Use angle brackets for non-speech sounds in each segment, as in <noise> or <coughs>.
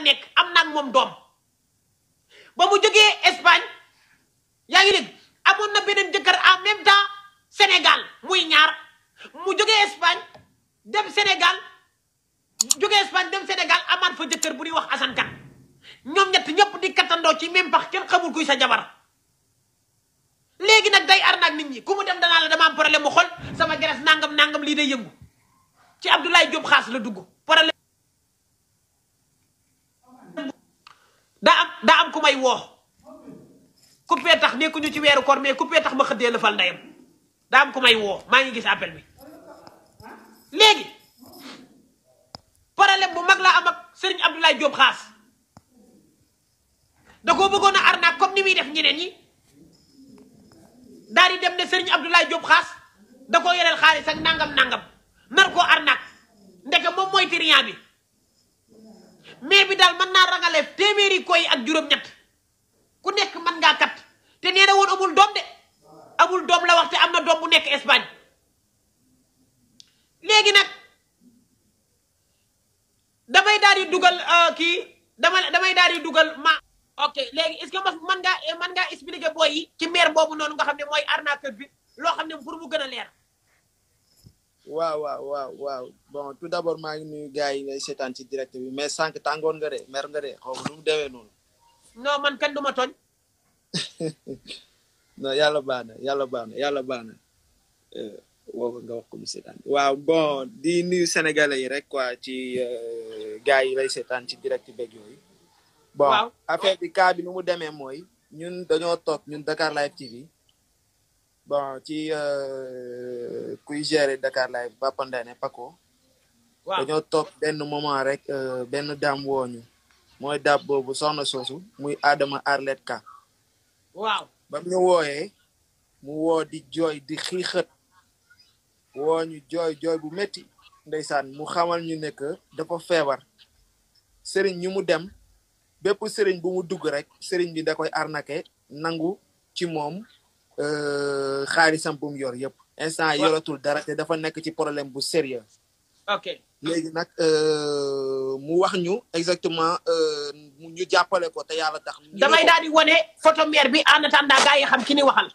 nekk am naa ak moom doom ba mu jógee Espagne yaa ngi dégg amoon na beneen jëkkër en même temps Sénégal muy ñaar mu jógee Espagne dem Sénégal jógee Espagne dem Sénégal amaat fa jëkkër bu ñuy wax Assane Kane ñoom ñett ñëpp di kattandoo ci même pax kenn xamul kuy sa jabar léegi nag day arnaak nit ñi ku mu dem danaa la dama am problème mu xol sama geres nangam nangam lii day yëngu ci Abdoulaye Diop xaas la dugg. daa am daa am ku may woo coupé tax nekkuñu ci weeru koor mais coupé tax ma xëddee la ndeyam daa am ku may woo maa ngi gis appel bi léegi problème bu mag laa am ak sëriñ Abdoulaye Diop xaas da koo bëggoon a arnaque comme ni muy def ñeneen ñi daal di dem ne sëriñ Abdoulaye Diop xaas da koo yoreel xaalis ak nangam nangam nar koo arnaque ndeke moom mooy triant bi. mais bi daal mën naa rangaleef téeméeri koy ak juróom-ñett ku nekk mën ngaa kat te nee na woon amul doom de amul doom la wax te am na doom bu nekk Espagne léegi nag damay daal di dugal euh, kii dama damay daal di dugal ma. ok léegi est-ce que mën ngaa mën ngaa expliquer booy yi ci maire boobu noonu nga xam ne mooy arnaqueur bi loo xam ne pour mu gën a leer. waaw waaw waaw waaw bon tout d'abord maa ngi nuyu gars yi ngay seetaan ci direct bi mais sànq tàngoon nga de mer nga de xaw ma nu mu demee noonu. non man kenn du ma tooñ. <laughs> non yàlla baax na yàlla baax na yàlla baax na euh, woo nga wax ko seetaan waaw bon di nuyu sénégalais yi rek quoi ci euh, gars yi lay seetaan ci direct beeg yooyu. bon affaire bi cas nu mu demee mooy ñun dañoo toog ñun Dakar Live TV. bon ci eh, kuy gérer Dakar Live ba pandane pako dañu top ben moment rek ben eh, daam woñu moy dab bobu soxna sosu muy Adama Arlet Ka. waaw bam ñu woyé e, mu wo di joy di xiixat woñu joy joy bu metti ndaysan mu xamal ñu ne dafa feebar sëriñ ñu mu dem bépp sëriñ bu mu dugg rek sëriñ bi da koy arnaqué nangu ci moom Euh, xaalisam bu mu yor yëpp. instant yoratul dara te dafa nekk ci problème bu sérieux ok léegi nag euh, mu wax ñu exactement euh, ñu jàppale ko te a tax. damay daal di wane photo mère bi en attendant gars yi xam ki ni waxal.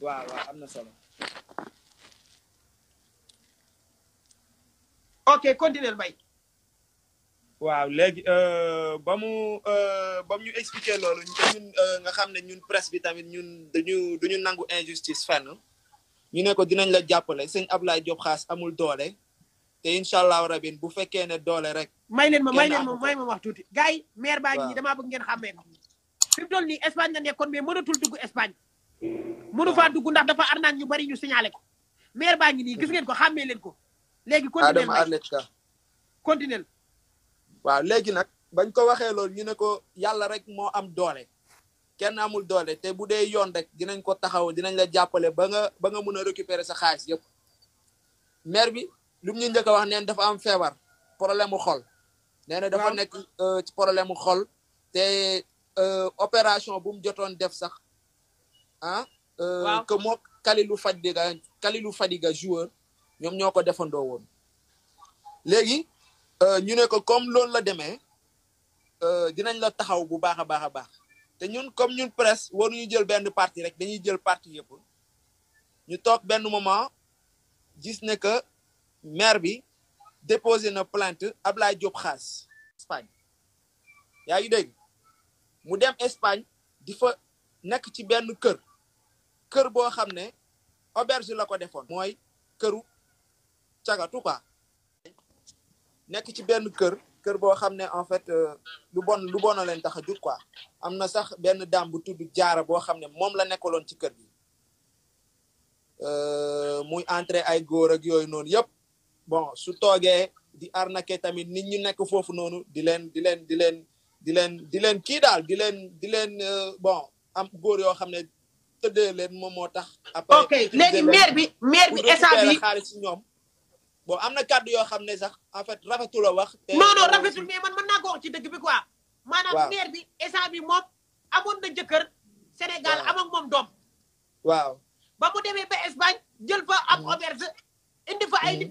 waaw am na solo. ok continuer bay. waaw léegi euh, ba mu euh, ba mu ñu expliqué loolu ñun euh, nga xam ne ñun presse bi tamit ñun dañu duñu nangu injustice fenn ñu ne ko dinañ la jàppale sëñ Ablaye Diop Xaas amul doole te incha allahu rabin bu fekkee ne doole rek. may leen ma may leen ma may ma wax tuuti. gars yi maire baa ngi damaa bëgg ngeen xàmmee ko. fi mu toll nii nekkoon mais mënatul dugg Espagne. mënu faa dugg ndax dafa arnaan ñu bari ñu signalé ko. maire baa ngi nii gis ngeen ko xàmmee leen ko. léegi continué Adama Arletka. continué. waaw léegi nag bañ ko waxee loolu ñu ne ko yàlla rek moo am doole kenn amul doole te bu dee yoon rek dinañ ko taxaw dinañ la jàppale ba nga ba nga mën a récupérer sa xaalis yëpp maire bi lu mu ñu njëkk a wax neen dafa am feebar problème mu xol nee na dafa nekk euh, ci problème mu xol te euh, opération bu jotoon def sax ah euh, que moo kalilu Fadiga kalilu Fadiga joueur ñoom ñoo ko defandoo woon léegi Euh, ñu ne ko comme loolu la demee euh, dinañ la taxaw bu baax a baax a baax te ñun comme ñun presse waruñu jël benn parti rek dañuy jël parti yëpp ñu toog benn moment gis ne que maire bi déposé na plainte Ablaye Diop Xaas Espagne yaa ngi dégg mu dem Espagne di fa nekk ci benn kër kër boo xam ne auberge la ko defoon mooy këru cagatu quoi nekk ci benn kër kër boo xam ne en fait euh, lu bon lu bon a tax a jug koi am na sax benn daam bu tudd jaara boo xam ne moom la nekkaloon ci kër gi euh, muy entré ay góor ak yooyu noonu yëpp bon su toogee di arnaqué tamit nit ñi nekk foofu noonu di leen di leen di leen di leen di leen kii daal di leen di leen euh, bon am góor yoo xam ne tëddee leen moom moo tax. après ok léegi maire bi maire bi état ñoom. bon am na kàddu yoo xam ne sax en fait rafetul a wax. te non non rafetul mais man mën naa ko wax ci dëgg bi quoi. maanaam maire bi instant bi moom amoon na jëkkër. Sénégal am ak moom doom. waaw ba mu demee ba Espagne jël fa ab mhm. auberge indi fa ay nit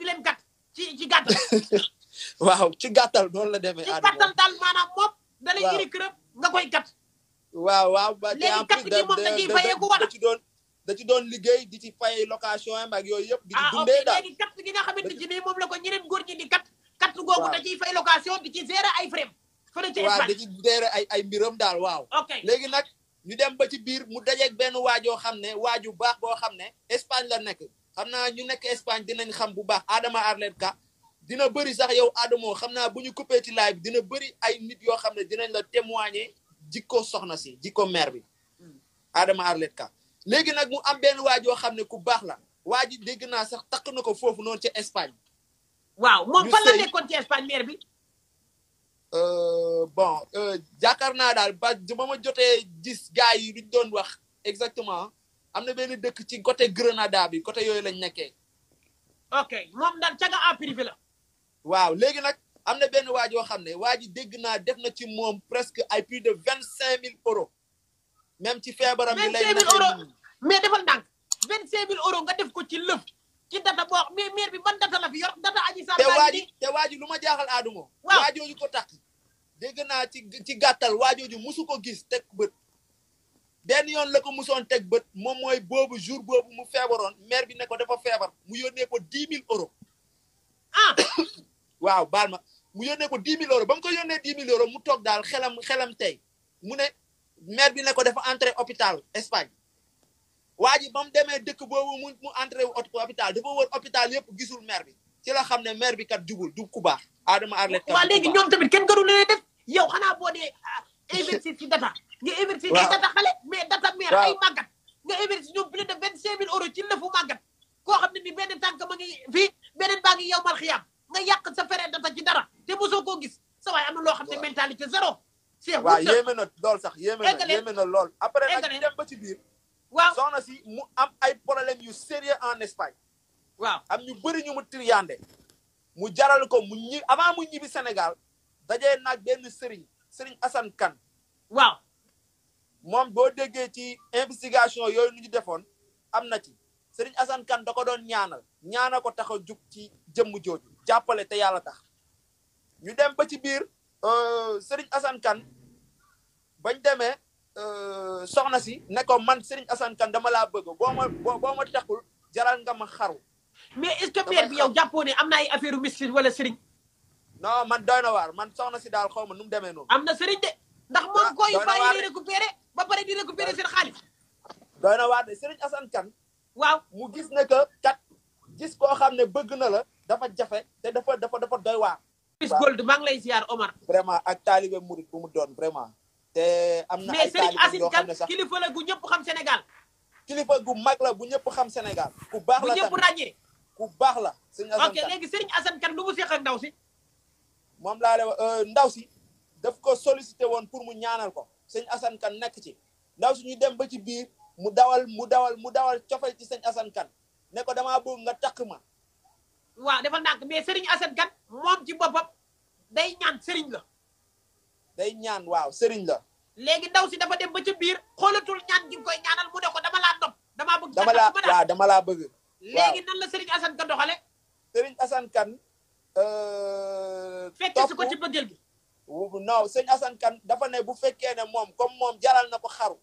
di kat ci ci gàttal. <laughs> waaw ci gàttal noonu la demee. ci gàttal daal maanaam moom. da lay nga koy kat. waaw waaw ba ci en plus de de de ci doon. da ci doon liggéey di ci fay location am ak yooyu yëpp. di ci ah, dundee daal ah léegi kat gi nga xamante ne moom la ko ñeneen góor ñi di kat. kat googu da ciy fay location di ci gérer ay frais. fële ci da ci gérer ay ay mbiram daal waaw. ok léegi nag ñu dem ba ci biir mu dajeeg benn waajoo xam ne waaju baax boo xam ne Espagne la nekk xam naa ñu nekk Espagne dinañ xam bu baax Adama Arlet Ka dina bëri sax yow Adamo xam naa bu ñu coupé ci bi dina bëri ay nit yoo xam ne dinañ la témoigner jikko soxna si jikko mère bi hmm. Adama Ka wow, nak mu am ben waji joo ku bax la waji dégg sax wow, Espagne. waaw mom fa la ci euh, bon euh jakarna dal ba ma gars yi doon wax exactement amna ci côté Grenada bi côté ok mom dal en privé la. waaw nak amna ben waji def na ci presque ay plus de vingt euros. même ci feebaram bi lay euros mais defal ndànk vingt cinq mille euros nga def ko ci lëf ci data boo xam mais maire bi ban data la fi yor data aji sa te waaji te waaji lu ma jaaxal aaduma waaw waajooju ko takk dégg naa ci ci gàttal waajooju musu ko gis teg bët benn yoon la ko musoon teg bët moom mooy boobu jour boobu mu feebaroon maire bi nekko ko feebar mu yónnee ko dix mille euros ah <coughs> waaw baal ma mu yónnee ko dix mille euros ba mu ko yónnee dix mille mu toog daal xelam xelam tey mu ne maire bi ne ko dafa entré hôpital Espagne waa ji ba demee dëkk boobu mu mu entré hôpital dafa wër hôpital yëpp gisul maire bi ci la xam ne maire bi kat jubul du ku baax. Adama Arlette waaw léegi ñoom tamit kenn gënu leen def yow xanaa boo dee ah, investir ci data. nga investir ci data xale mais data maire ay màggat. nga investir ñoom plus de vingt cinq mille euros ci lëfu màggat koo xam ne ni benn tànk ma ngi fii beneen baa ngi yow mal xiyaam nga yàq sa fere data ci dara te mosoo koo gis sa waay na loo xam ne mentalité zéro. Cheikh waaw yéeme na lool sax yéeme na yéeme na lool. après nag dem ba ci biir. waaw soxna si mu am ay problème yu sérieux en Espagne. waaw am ñu bëri ñu mu triyande mu jaral ko mu ñi avant mu ñibbi Sénégal dajee nag benn sëriñ sëriñ Assane Kane. waaw moom boo déggee ci investigation yooyu nu ñu defoon am na ci sëriñ Assane Kane da ko doon ñaanal ñaana ko tax a ci jëmm jooju jàppale te yàlla tax ñu dem ba ci biir euh, sëriñ Assane Kane bañ démé euh soxna si né ko man Serigne Assane kan dama la bëgg bo ma boo ma taxul jaral nga ma xaru. mais est ce que père bi yow japoné amna ay affaire mystique wala Serigne. non man doyna war man soxna si dal xawma num démé non amna Serigne dé ndax mo ah, koy bàyyi ni récupéré ba paré di récupéré sen xalif doyna war dé Serigne Assane kan waaw mu gis né ko kat gis ko xamné bëgg na la dafa jafé té dafa dafa dafa doy war waar. Gold mang lay ziar Omar. vraiment ak talibé Mouride bu mu don vraiment. te am na ay taalib yoo xam ne sax kilifa la gu ñëpp xam Sénégal. kilifa gu mag la bu ñëpp xam Sénégal. ku baax la tamit bu ñëpp ràññee. baax la sëñ Assane Kane ok sëñ Assane Kane lu mu seq ak ndaw si. moom laa le euh, ndaw si def ko sollicité woon pour mu ñaanal ko sëñ Assane Kane nekk ci ndaw si ñu dem ba ci biir mu dawal mu dawal mu dawal cofal ci sëñ Assane Kane ne ko damaa bëgg nga takk ma. waa dafa ndànk mais Serigne Assane Kane moom ci boppam day ñaan Serigne la. day ñaan waaw sëriñ la. léegi ndaw si dafa dem ba ca biir xoolatul ñaan gi koy ñaanal mu ne ko dama laa nopp damaa bëgg. dama laa waaw bëgg. léegi nan la sëriñ Assane Kane doxale sëriñ Assane Kane. Euh, fekke ko ci bëggeel gi. non sëñ Assane dafa ne bu fekkee ne moom comme moom jaral na ko xaru.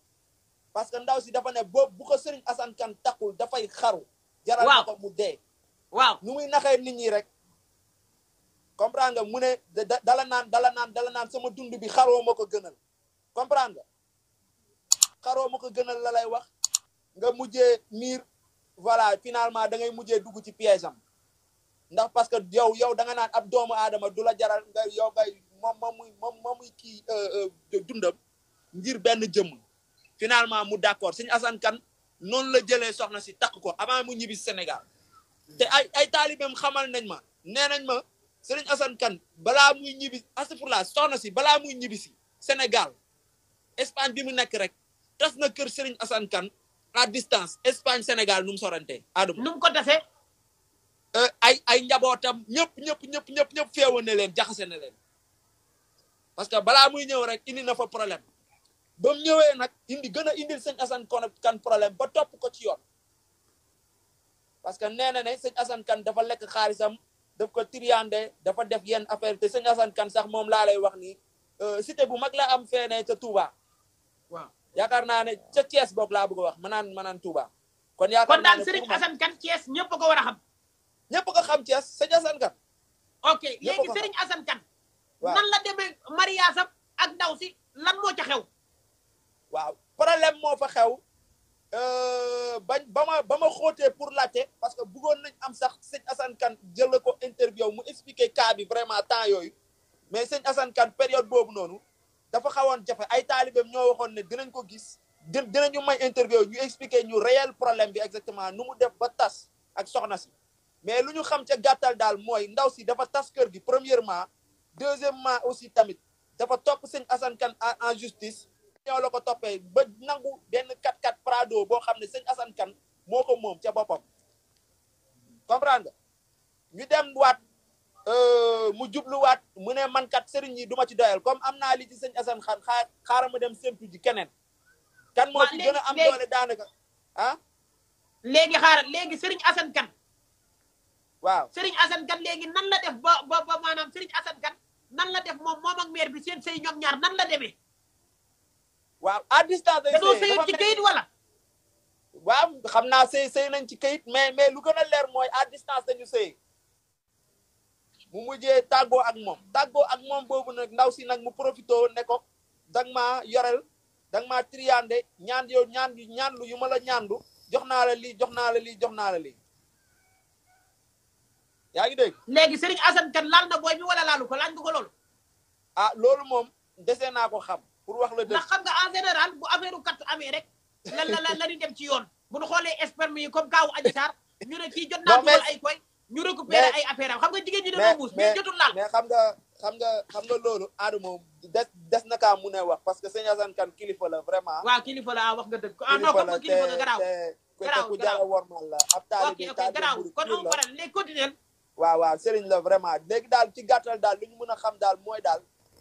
parce que ndaw si dafa ne boobu bu ko sëriñ Assane Kane dafay xaru. jaral na ko mu dee. waaw nu muy naxee nit ñii rek. comprendre nga mu ne dala nan dala nan dala nan sama dund bi xaro mako gënal comprendre nga xaroo ma gënal la lay wax nga mujjé mir voilà finalement da ngay mujjé dugg ci piège am ndax parce que yow yow da nga nan ab doomu adama dula jaral nga yow ngay mom ma mom moom ma euh euh dundam ngir ben jëm finalement mu d'accord seigne Assane kan non la jëlé soxna si tak ko avant mu ñibi Sénégal té ay ay taalibeem xamal nañ ma nenañ ma Serigne Assane Kane balaa muy ñibbi asafurlaa soxna si balaa muy ñibbi si Sénégal Espagne bi mu nekk rek tas na kër Serigne Assane Kane à distance Espagne Sénégal nu mu sorante Adama nu mu ko defee. Euh, ay ay njabootam ñëpp ñëpp ñëpp ñëpp ñëpp feewoon na leen jaxase na leen parce que balaa muy ñëw rek indi na fa problème ba ñëwee nag indi gën a indil sëñ Assane Kane problème ba topp ko ci yoon parce que nee na ne sëñ Assane dafa lekk xaalisam daf ko triande dafa def yenn affaire te sëñ Assane kan sax mom la lay wax euh cité bu mag la am féné ca Touba. waaw yaakaar na né ca ties boog la bëgg a wax manan manan Touba. kon yaakaar kon daal Serigne Assane kan ties ñepp ko wara xam. ñepp ko xam ties sëñ Assane kan ok légui Serigne Assane kan nan la démé mariage ak ndaw si lan mo ca xew. waaw problème mo fa xew. Euh, bañ ba ma ba ma xóotee pour laajte parce que bëggon nañ am sax Seyd Assane Kane jël ko interview mu expliquer cas bi vraiment temps yooyu mais Seyd Assane Kane période bobu nonu dafa xawoon jafe ay talibam ñoo waxoon ne dinañ ko gis dinañu may interview ñu expliquer ñu réel problème bi exactement nu mu def ba tas ak soxna si mais lu ñu xam ci gattal dal moy ndaw si dafa tas kër gi premièrement deuxièmement aussi tamit dafa top Seyd Assane Kane en justice ñoo la ko toppee ba nangu benn 4-4 Prado boo xam ne sëñ Assane Kane moo ko moom ca boppam comprendre nga ñu dem waat euh, mu jubluwaat mu ne man kat sëriñ yi duma ci doyal comme am naa liggi ci sëñ Assane Kane xaar ma dem séntu ji keneen. kan moo ci gën a am doole daanaka ah. léegi xaaral léegi sëriñ Assane Kane. waaw sëriñ Assane Kane léegi nan la def ba ba ba maanaam sëriñ Assane Kane nan la def moom moom ak bi seen sëy ñoom ñaar nan la demee. waaw à distance day sëy ci kayit wala waaw xam naa sëy sëy nañ ci kayit mais mais lu gën a leer mooy à distance dañu sëy mu mujjee tàggoo ak moom tàggoo ak moom boobu nag ndaw si nag mu profité ne ko danga maa yorel danga maa triande ñaan yow ñaan yu ñaanlu yu ma la ñaandu jox naa la lii jox naa la lii jox naa la yaa ngi dégg léegi Serigne Assane Kane laal na booy bi wala laalu ko laaj nga ko loolu ah loolu moom desee naa ko xam pour wax la dëgg ndax xam nga en général bu affaire kat amee rek la la la ñu dem ci yoon bu ñu xoolee experts yi comme Kaawu Adji Sarr ñu ne kii jot naa dugal ay koy ñu récupéré ay affaire am xam nga jigéen ñi dañoo muus mais jotul laal mais xam nga xam nga xam nga loolu Adama des des na kaa mun a wax parce que sëñ Assane Kane kilifa la vraiment waaw kilifa la wax nga dëgg ah non comme kilifa la garaaw garaaw ku jara la ab taalibi garaaw kon on faral les continuel waaw waaw Serigne la vraiment léegi daal ci gàttal daal lu ñu mën a xam daal mooy daal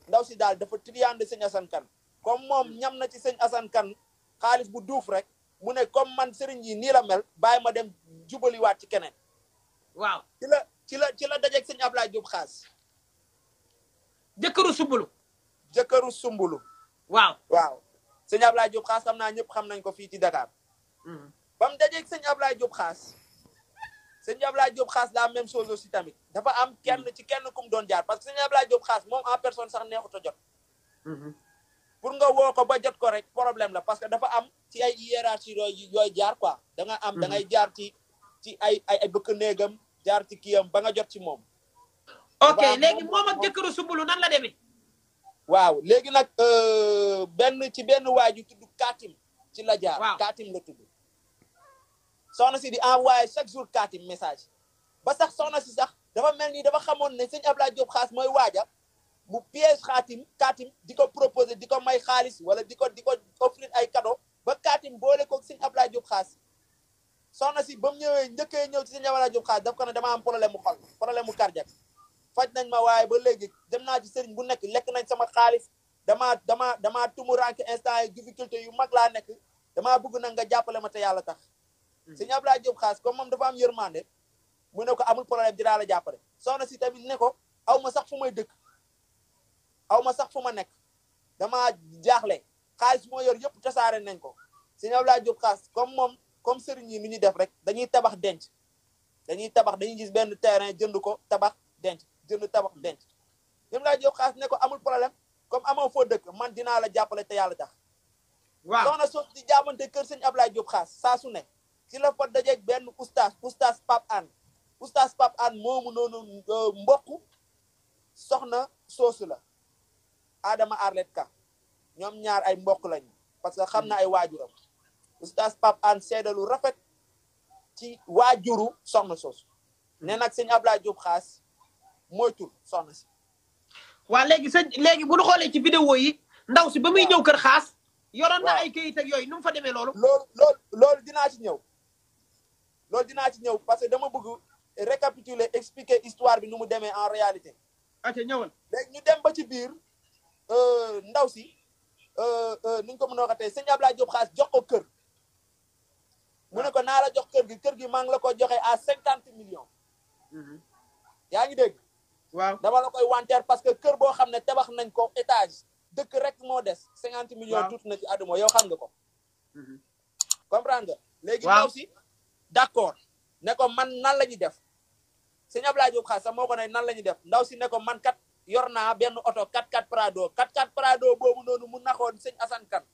ndaw si daal dafa triande sëñ Assane Kane comme moom ñam na ci sëñ Assane Kane xaalis bu duuf rek mu ne comme man sëriñ yi nii la mel bàyyi ma dem jubaliwaat ci keneen. waaw ci la ci la ci la dajeeg sëñ Ablaye Diop xaas. jëkkëru sumbulu. jëkkëru sumbulu. waaw waaw sëñ Ablaye Diop xaas xam naa ñëpp xam nañ ko fii ci Dakar. Mm-hmm. ba mu dajeeg sëñ Ablaye Diop xaas. sëñ Ablaye Diop xaas la même chose aussi tamit dafa am kenn mm-hmm. ci kenn kum doon jaar parce que sëñ Ablaye Diop xaas moom en personne sax neexut a jot. Mm-hmm. pour nga wo ko ba jot ko rek problème la parce que dafa am ci ay hiérarchie yoy jaar quoi da nga am da ngay mhm. jaar ci ci ay ay ay bëkk néegam jaar ci kiyam ba nga jot ci mom ok légui mom ak jëkëru subulu nan la demee waaw nak euh ben ci ben waju tuddu katim ci la jaar katim la tuddu soxna si di envoyer chaque jour katim message ba sax soxna ci sax dafa mel ni dafa xamone ne seigne abdou Diop khas moy waaja mu piège xaatim kaatim di ko proposé di ko may xaalis wala di ko di ko offrir ay cadeau ba kaatim boole ko sëñ Abdoulaye Diop Xaas soxna si ba mu ñëwee njëkkee ñëw ci sëñ Abdoulaye Diop Xaas daf ko ne dama am problème mu xol problème mu cardiaque faj nañ ma waaye ba léegi dem naa ci sëriñ bu nekk lekk nañ sama xaalis damaa damaa damaa tumuranke instant yi difficulté yu mag laa nekk damaa bëgg nag nga jàppale ma te yàlla tax hmm. sëñ Abdoulaye Diop Xaas comme moom dafa am yërmande mu ne ko amul problème dinaa la jàppale soxna si tamit ne ko aw ma sax fu may dëkk aw ma sax fu ma nekk dama jaaxle xaalis moo yor yëpp tasaare nañ ko sëñ Abdoulaye Diop xaas comme moom comme sëriñ yi nu ñuy def rek dañuy tabax denc dañuy tabax dañuy gis benn terrain jënd ko tabax denc jënd tabax denc sëñ Abdoulaye Diop xaas ne ko amul problème comme amoo foo dëkk man dinaa la jàppale te yàlla tax waaw soxna soo kër sëñ Abdoulaye Diop saa su ne ci la fa benn oustaz oustaz Pape Anne oustaz Pape Anne moomu noonu euh, mbokk soxna soosu la Adama Arlet Ka ñoom ñaar ay mbokk lañu parce que xam na ay waajuram oustaz Pape Hann seedalu rafet ci waajuru soxna soosu ne nag sëñ Ablaye Diop xaas moytul soxna si. waa léegi sëñ léegi bu ñu xoolee ci vidéo yi ndaw si ba muy ñëw kër xaas. yoroon naa ay kayit ak yooyu nu mu fa demee loolu. loolu loolu loolu dinaa ci ñëw loolu dina ci ñëw parce que dama bëgg récapituler expliquer histoire bi nu mu demee en réalité. ok ñëwal léegi ñu dem ba ci biir. Euh, ndaw si euh, euh, ni ñu ko mën a waxatee sëñ Ablaye Diop xaas jox ko kër mu ne ko naa jox kër gi kër gi maa ngi la ko joxe à cinquante million mhm. yaa ngi dégg waaw dama la koy wanteer parce que kër boo xam ne tabax nañ ko étage dëkk rek moo des cinquante millions tuuti na ci àdduma yow xam nga ko mhm. comprendre nga léegi ndaw si d'accord ne ko man nan la ñuy def sëñ Ablaye Diop xaas sa moo ko ne nan la ñuy def ndaw si ne ko man kat yor naa benn oto 4x4 Prado 4 x Prado boobu noonu mu naxoon sëñ Assane Kane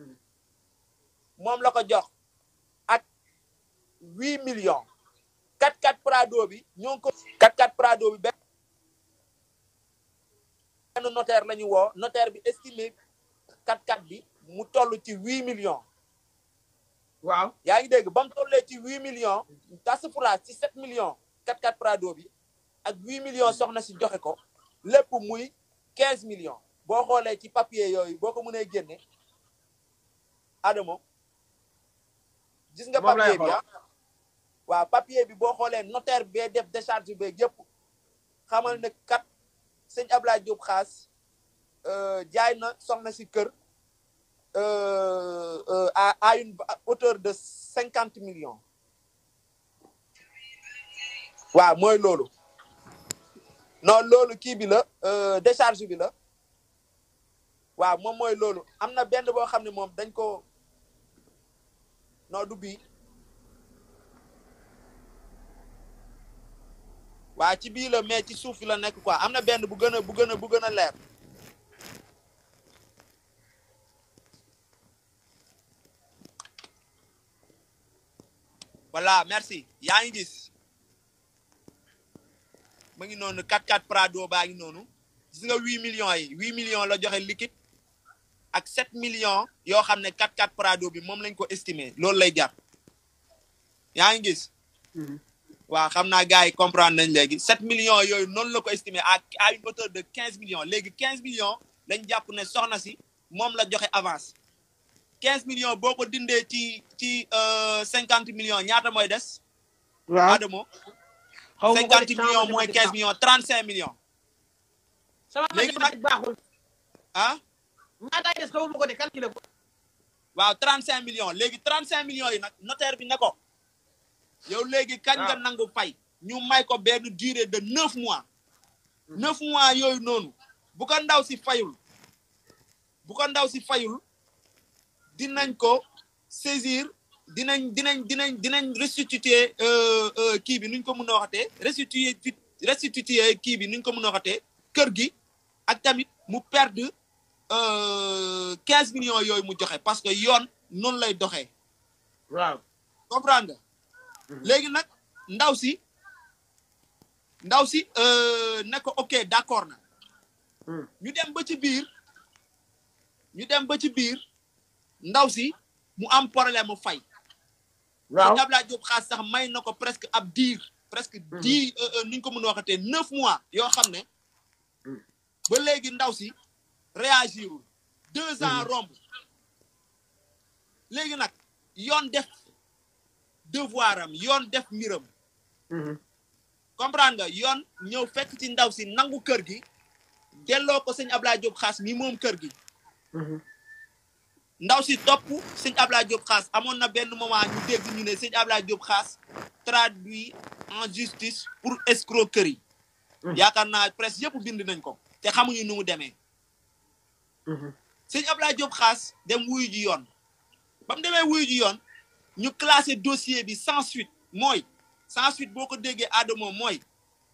hmm. moom la ko jox ak 8 million 4x4 Prado bi ñoo ngi ko 4 x Prado bi benn notaire la ñu woo notaire bi estimé 4 x bi mu toll ci 8 millions waaw yaa ngi dégg ba tollee ci 8 million tas pour ci 7 million 4x4 Prado bi ak 8 million soxna si joxe ko pour muy 15 millions on xolé ci papier yoy boko ko ademo, Adamo gis nga papier bi ah? wa papier bi notaire décharge xamal ne kat Ablaye Diop euh jaay na soxna euh, euh, à une hauteur de 50 millions wa moy ça. non loolu kii bi la euh, décharge bi la waaw moom mooy loolu am na benn boo xam ne moom dañ koo non du bii waaw ci bii la mais ci suuf la nekk quoi am na benn bu gën a bu gën a bu gën a leer voilà merci yaa ngi gis ma ngi 4-4 Prado 8 millions yi 8 millions la joxe liquide ak 7 millions yo xamne 4-4 Prado bi mom lañ ko estimé lay gis. Mhm. comprendre nañ 7 millions yoy non la ko à une hauteur de 15 millions legui 15 millions lañ japp ne soxna si la avance 15 millions boko dindé ci 50 euh, millions ñaata Adamo xaw ma cinquante millions mooy quinze millions trente cinq ah? millions. léegi nag baaxul. ah. ko de calculer ko. waaw trente cinq millions léegi trente cinq millions yi nag notaire bi ne ko. yow léegi kañ nga ah. nangu fay. ñu may ko benn durée de neuf mois. Hmm. neuf mois yooyu noonu. bu ko ndaw si fayul. bu ko ndaw si fayul. dinañ ko saisir. dinañ dinañ dinañ dinañ restituer euh, euh, ki bi nuñ ko mëno a restituer restituer ki bi nuñ ko mëno a kër gi ak tamit mu perdre 15 euh, millions yoy mu joxe parce que yoon non lay doxé waaw comprendre nga. Mhm. légui nak ndaw si ndaw si euh nak ok d'accord na. Hmm. ñu dem ba ci biir ñu dem ba ci biir ndaw si. mu am problème fay waaw Abdoulaye Diop Khass sax may na ko presque ab diir. presque mm-hmm. dix euh, euh, ni ñu ko mën a waxatee neuf mois yoo xam ne. Mm-hmm. ba léegi ndaw si réagirul deux ans mm-hmm. romb. léegi nag yoon def devoir am yoon def mbiram. comprendre nga yoon ñëw fekk ci ndaw si nangu kër gi delloo ko ab Abdoulaye Diop Khass mi moom kër gi. ndaw si topp sëñ Ablaye Diop xaas amoon na benn moment ñu dégg ñu ne sëñ Ablaye Diop xaas traduit en justice pour escroquerie. Mm-hmm. yaakaar naa presse yëpp bind nañ ko. te xamuñu nu mu demee. Mm-hmm. sëñ Ablaye Diop xaas dem wuyu ji yoon. ba mu demee wuyu ji yoon ñu classé dossier bi sans suite mooy sans suite boo ko déggee Adamo mooy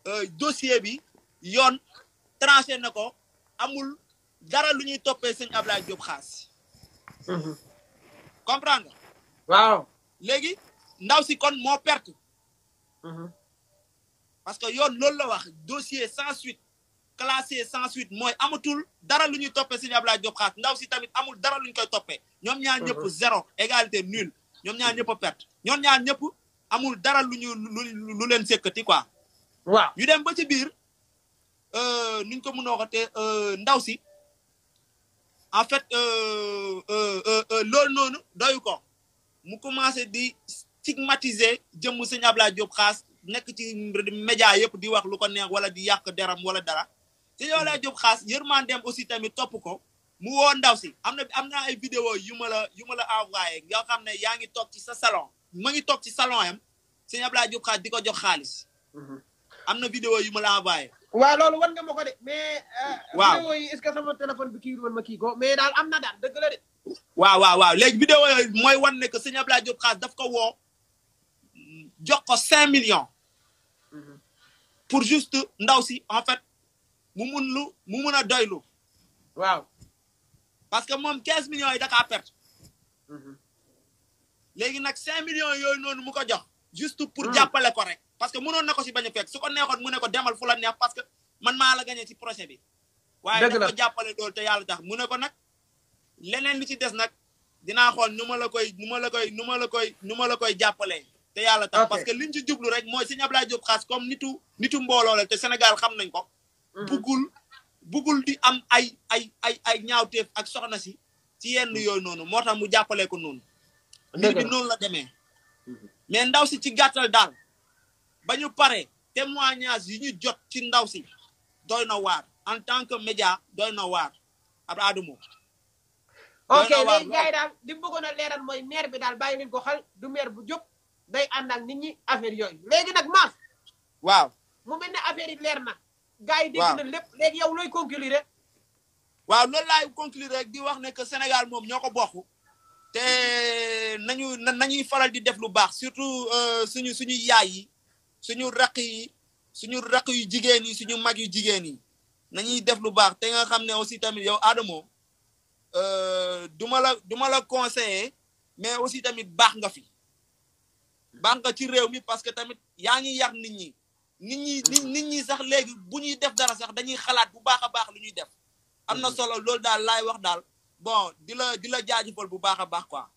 euh, dossier bi yoon tranché na ko amul dara lu ñuy toppee sëñ Ablaye Diop xaas. Mhm. comprendre waaw légui ndaw si kon mo perte. Mhm. parce que yoon lol la wax dossier sans suite classé sans suite moy amatul dara luñu topé toppee Serigne Abdoulaye Diop Khass ndaw si tamit amul dara luñ koy topé ñom ñaar ñëpp mhm. zéro égalité nul ñom ñaar ñëpp perte ñoom ñaar ñëpp amul dara luñu ñu lu lu leen quoi. waaw ñu dem ba ci bir euh ñu ko mënoo waxatee euh, ndaw si. en fait euh, euh, euh, loolu noonu doyu ko mu commencé di stigmatiser jëmm sëñ Ablaye Diop Xaas nekk ci média yëpp di wax lu ko neex wala di yàq deram wala dara sëñ Ablaye Diop Xaas yërmandeem aussi tamit topp ko mu woo ndaw si am na am naa ay vidéo yu ma la yu ma la envoyé yoo xam ne yaa ngi toog ci sa salon ma ngi toog ci salon yam sëñ Ablaye Xaas di ko jox xaalis mhm. am na vidéo yu ma la envoyé waaw loolu wan nga ma ko de mais. Euh, waaw vidéo yi est-ce que sama téléphone bi kii ma kii ko mais daal am na daal dëgg la de. waaw waaw yooyu mooy wan ne que sëñ Abdoulaye Diop Khass daf ko woo jox ko 5 millions. Mhm. pour juste ndaw si en fait mu mun lu mu mun a doylu. waaw. parce que moom 15 millions yi da perte. Mhm. léegi nag 5 millions yooyu noonu mu ko jox. juste pour mhm. jàppale ko rek. parce que mënoon na ko si bañ a fekk su ko neexoon mu ne ko demal fu la neex parce que man maa la gagné ci projet bi. waaye dañ ko jàppale loolu te yàlla tax mu ne ko nag leneen li ci des nag dinaa xool nu ma la koy nu ma la koy nu ma la koy nu ma la koy jàppalee. te yàlla tax parce que liñ ci jublu rek mooy si Abdoulaye Diop Khass comme nitu nitu mbooloo te Sénégal xam nañ ko. Mhm. buggul buggul di am ay ay ay ay ñaawteef ak soxna si ci yenn mhm. yooyu noonu moo tax mu jàppalee ko noonu. mbir bi noonu la demee. Mhm. mais ndaw si ci gàttal daal. ba ñu pare témoignage yi ñu jot ci ndaw si doy na waar en tant que média doy na waar ab aaduma ok léegi gars yi daal li mu a leeral mooy maire bi daal bàyyi leen ko xel du maire bu jóg day ànd ak nit ñi affaire yooyu léegi nag maas waaw mu mel ne affaire yi leer na gars yi dégg na lépp léegi yow looy conclure waaw loolu laay conclure rek di wax ne que Sénégal moom ñoo ko bokk te nañu nañuy faral di def lu baax surtout euh, suñu suñuy yaay yi suñu raq yi suñu raq yu jigéen yi suñu mag yu jigéen yi ñuy def lu baax te nga xam ne aussi tamit yow Adamo euh, du la du ma la conseiller mais aussi tamit baax nga fi baax nga ci réew mi parce que tamit yaa ngi yar nit ñi nit ñi nit ñi sax léegi bu ñuy def dara sax dañuy xalaat bu baax a baax lu ñuy def am na mhm. solo loolu daal laay wax daal bon di la di la jaajëfal bu baax a baax quoi